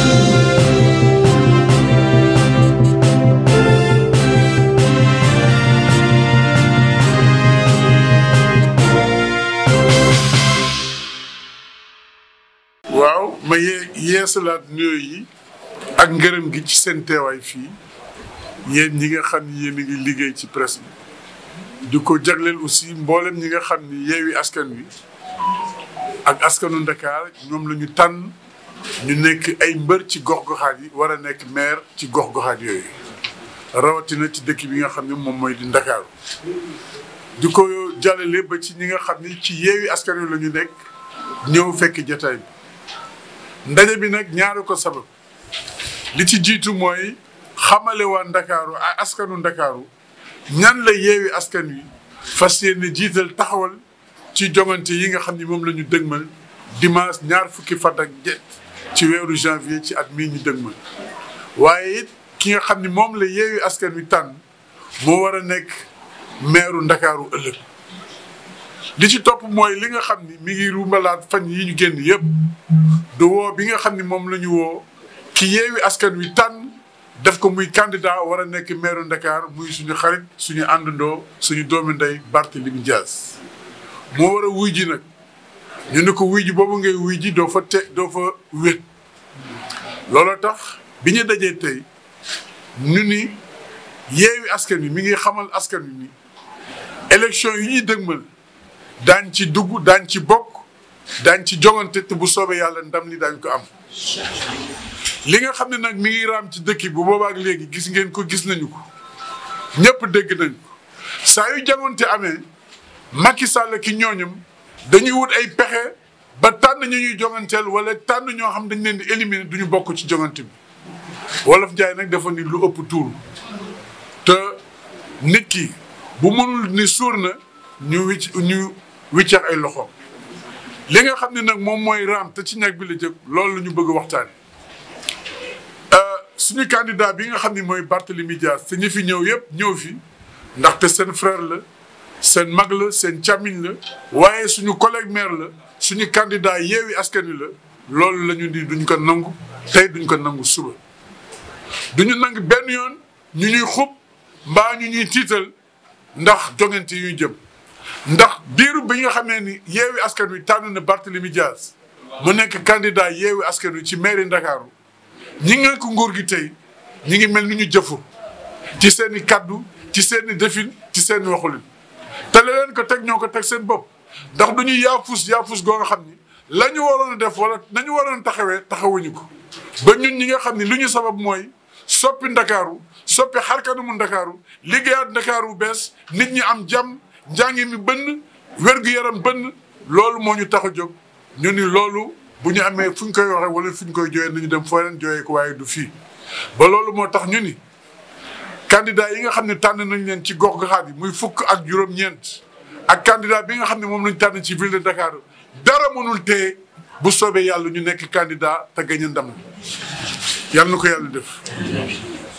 waaw ma yee yeesalaat nuyoo yi ak ngërëm gi ci seen teewaay fii yéen ñi nga xam ni yéen a ngi liggéey ci presse bi di ko jagleel aussi mboolem ñi nga xam ni yeewi askan wi ak askanu Ndakaar ñoom la tànn ñu nekk ay mbër ci gox-goxaat yi war a nekk maire ci gox-goxaat yooyu rawatina ci dëkk bi nga xam ni moom mooy di Ndakaaru di ko jàllale ba ci ñi nga xam ni ci yeewi askan wi la nekk ñëw fekk jataay bi bi nag ñaari ko sabab li ci jiitu mooy xamale Ndakaaru askanu Ndakaaru ñan la askan wi fas yéene jiital taxawal ci jongante yi nga xam ni moom lañu ñu dëgmal dimanche ñaar fukki fan ak ci weeru janvier ci at mii ñu dëgmal waaye it ki nga xam ni moom la yeewi askan wi tànn moo war a nekk meeru ndakaaru ëllëg li ci topp mooy li nga xam ni mi rumbalaat fan yi ñu génn yëpp du bi nga xam ni moom la woo ki yeewi askan wi tànn def ko muy candidat war a nekk meeru ndakaar muy suñu xarit suñu àndandoo suñu doomi ndey Barthélémy Dias moo war a wuy ji nag ñu ne ko wuy boobu ngay wuy ji doo fa te doo fa wét looloo tax bi ñu dajee tey ñu ni yeewi askan wi mi ngi xamal askan wi ni élection yi ñuy dëgmal daañ ci dugg daañ ci bokk daañ ci jongante te bu soobee yàlla ndam li daañ ko am li nga xam ne nag mi ngi raam ci dëkk bu boobaak léegi gis ngeen ko gis nañu ko ñëpp dégg nañ saa yu jongante amee Macky Sall ki ñooñam dañuy wut ay pexe ba tànn ñu ñuy jonganteel wala tànn ñoo xam dañ leen di éliminer ñu bokk ci jongante bi wolof njaay nag dafa ni lu ëpp tuur te nit ki bu mënul ni suur na ñu wicc ñu wiccax ay loxo li nga xam ne nag moom mooy raam te ci ñag bi la jëkk loolu la ñu bëgg waxtaane euh, suñu candidat bi nga xam ni mooy Barthélémy Dias te ñi fi ñëw yëpp ñëw fi ndaxte seen frère la seen mag la seen càmmiñ la waaye suñu collègue maire la suñu candidat yeewi askan wi la loolu lañu ñu di duñ ko nangu tey duñ ko nangu suba duñu nangu benn yoon ñu ñuy xub mbaa ñu ñuy tiital ndax jongante yuy jëm ndax biiru bi nga xamee ni yeewi askan wi tànn na Barthélemy Dias mu nekk candidat yeewi askan wi ci mairie Ndakaaru ñi nga ko nguur gi tey ñi ngi mel ni ñu jëfu ci seeni i kaddu ci seeni i ci seen i waxulin te leen ko teg ñoo ko teg seen bopp ndax du ñuy yaafus yaafus goo nga xam ni la ñu waroon a def wala nañu waroon a taxawee taxawuñu ko ba ñun ñi nga xam ni lu ñu sabab mooy soppi ndakaaru soppi mu ndakaaru liggéeyaat ndakaaru bu bees nit ñi am jam njàngi mi bënn wér-gu-yaram bënn loolu moo ñu tax a jóg ñu ni loolu bu ñu amee fu ñu koy waxee wala fu ñu koy jooyee nañu dem foo leen jooyee ko waaye du fii ba loolu moo tax ñu ni candidat yi nga xam ne tànn nañ leen ci gox goxaat yi muy fukk ak juróom-ñeent ak kandidaa bi nga xam ne moom lañ tànn ci ville de Dakar dara mënul téye bu soobee yàlla ñu nekk candidat te gañ ndam yàlla na ko yàlla def.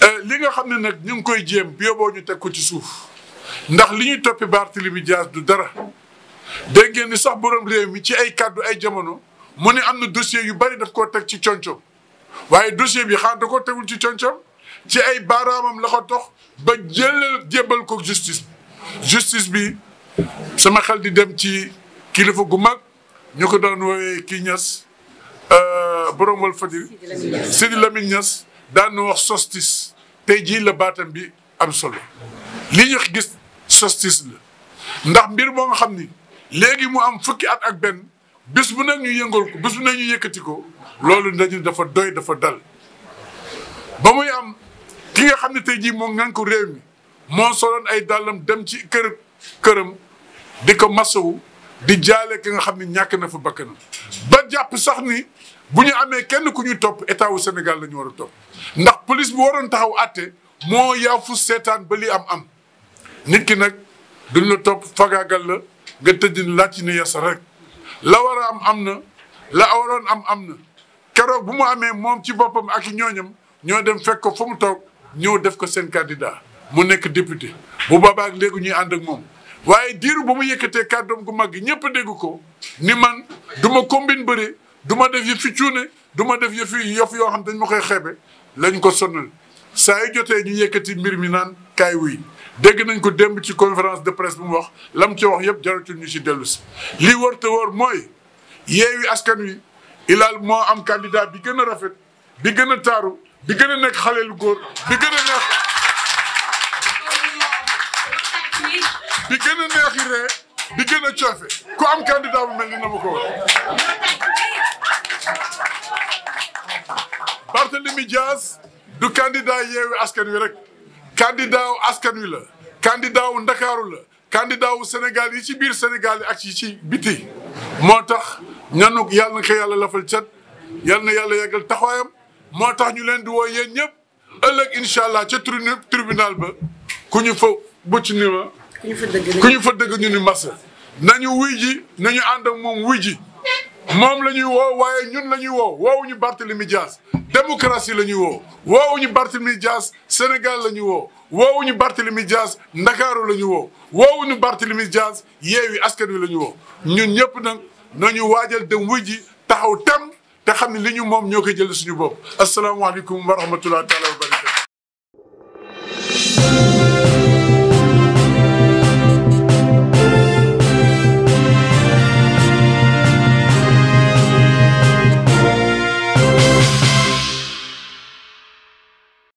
Euh, li nga xam ne nag ñu ngi koy jéem yóbboo ñu teg ko ci suuf ndax li ñuy toppi Barthélémy Dias du dara dégg ngeen ni sax borom réew ci ay kàddu ay jamono mu ne am na dossier yu bari daf koo teg ci coñcoom waaye dossier bi xanaa da tegul ci coñcoom. ci ay baaraamam la tox ba jëlal jébbal ko justice justice bi sama xel di dem ci kilifa gu mag ñu ko doon woowee kii ñas euh, borom wal fajir Sidi Lamine Ñas daan wax sostis tey jii la baatam bi am solo li ñu gis sostis la ndax mbir moo xam ni léegi mu am fukki at ak benn bis bu nag ñu yëngal ko bis bu nag ñu yëkkati ko loolu dañu dafa doy dafa dal ba muy am ki nga xam ne tey jii moom ngan ko réew mi moo soloon ay dàllam dem ci kër këram di ko masawu di jaale ki nga xam ni ñàkk na fa bakkanam ba jàpp sax ni bu ñu amee kenn ku ñuy topp état wu Sénégal la ñu war a topp ndax police bu waroon taxaw àtte moo yaafu seetaan ba li am am nit ki nag duñ la topp fagaagal la nga tëddin laaj ni yas rek la war a am am na la waroon am am na keroog bu mu amee moom ci boppam ak ñooñam ñoo dem fekk ko fa mu toog ñëw def ko seen candidat mu nekk député bu baabaak léegi ñuy ànd ak moom waaye diiru ba mu yëkkatee kàddoom gu mag gi ñëpp dégg ko ni man du ma combine bëri du ma def yëfi cuune du ma def yëfi yof yoo xam dañ ma koy xeebe lañ ko sonal saa yu jotee ñu yëkkati mbir mi naan kaay wuy dégg nañ ko demb ci conférence de presse bu mu wax lam ci wax yëpp jaratul ñu ci dellu si li wër te wër mooy yeewi askan wi ilaal moo am candidat bi gën a rafet bi gën a taaru di gën a nekk góor di gën a neex di ree di gën a coofe ku am candidat bu mel ni na ma ko wax Barthélemy Dias du candidat yeewu askan wi rek candidat wu askan wi la candidat wu ndakaaru la candidat wu senegal yi ci biir Sénégal yi ak yi ci biti moo tax ñanu yàlla na ko yàlla lafal cat yàlla na yàlla yàggal taxawaayam moo tax ñu leen di woo yéen ñëpp ëllëg incha allah ca tribunal ba ku ñu fa bucc ni ma. ku ñu fa dëgg ku ñu fa dëgg ñu ni Mbassa. nañu wuy ji nañu ànd ak moom wuy ji moom la ñuy woo waaye ñun la ñuy woo woowuñu Barthélemy Dias démocratie la ñuy woo woowuñu Barthélemy Dias Sénégal la ñuy woo woowuñu Barthélemy Dias Ndakaaru la ñuy woo woowuñu Barthélemy Dias Yewwi Askan Wi la ñuy woo ñun ñëpp na ñu waajal dem wuy ji taxaw tem te xam ne li ñu moom ñoo koy jël suñu bopp asalaamaaleykum wa rahmatulah taala wa barakatu